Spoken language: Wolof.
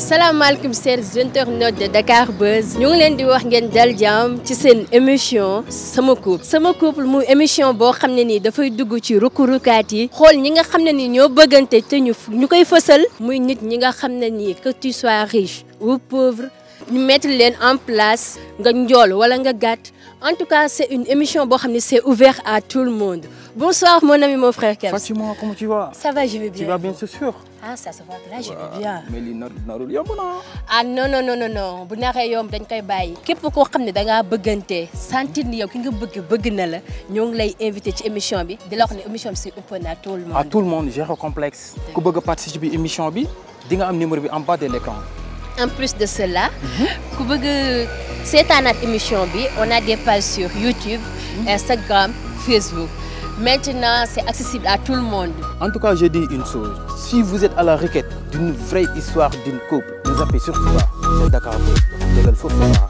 salaamaaleykum chers internautes de Dakar Buzz ñu ngi leen di wax ngeen dal jàmm ci seen émission sama couple sama couple mu émission boo xam ne nii dafay dugg ci rukkurukaat yi xool ñi nga xam ne nii ñoo bëggante te ñu ñu koy fësal muy nit ñi nga xam ne nii que tu sois riche ou pauvre ñu mettre leen en place nga njool wala nga gàtt en tout cas c'est une émission boo xam ne c'est ouvert à tout le monde Bonsoir mon ami, mon frère Kebs. Fatima, comment tu vas Ça va, je vais bien. Tu vas bien, c'est sûr ah ça se voit que là je vais bien. mais lii narul yomb naa. ah non non non non bu naree yomb dañ koy bàyyi. képp koo xam ne da ngaa bëggante sentir ni yow ki nga bëgg bëgg na la ñoo ngi lay invité ci émission bi di la wax ne émission bi c'est open à tout le monde. à tout le monde j'ai un complexe. ku bëgg a participer bi émission bi di nga am numéro bi en bas de l'écran. en plus de cela. Mm-hmm. ku bëgg seetaanaat émission bi on a des pages sur YouTube. Mm-hmm. Instagram Facebook. Maintenant, c'est accessible à tout le monde. En tout cas, je dis une chose. Si vous êtes à la requête d'une vraie histoire d'une couple, ne zappez surtout pas. C'est Dakar Buzz.